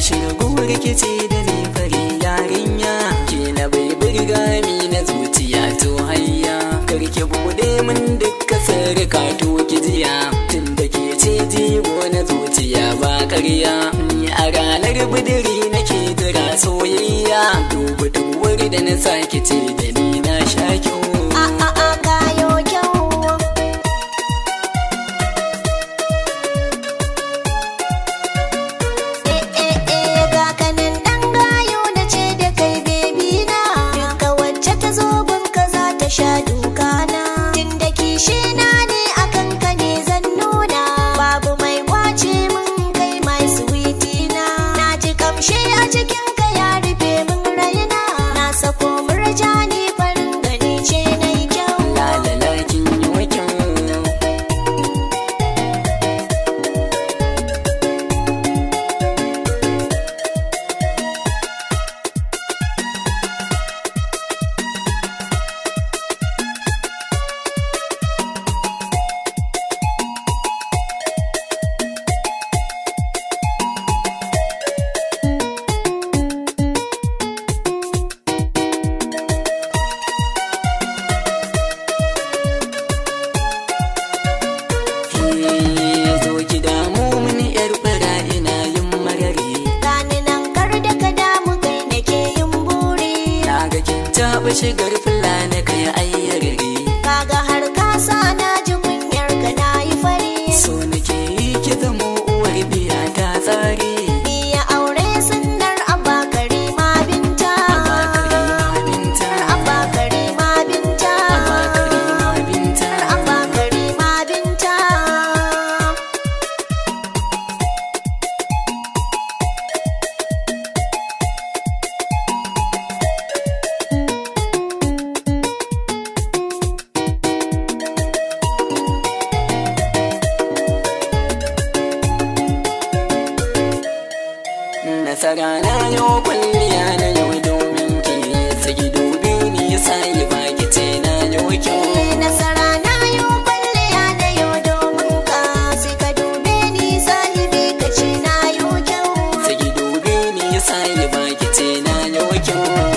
shiga guwar rikici da ne fari yarinya ke na bai birgami na zuciya to hayya karki bude min dukka sarka to kijiya tun da ke ce jigo na zuciya ba karya ni a ranar budiri nake jira soyayya duk duwar da na sake ce da ni ta garfin lana kai ayyar gari nasara na yau kwalliya na yau domin ki sai dubi ni sai ba ki ce na yau kyau eh, nasara na yau kwalliya na yau domin ka sai ka dube ni sai bi ka ce na yau kyau Sai dubi ni sai ba ki ce na yau kyau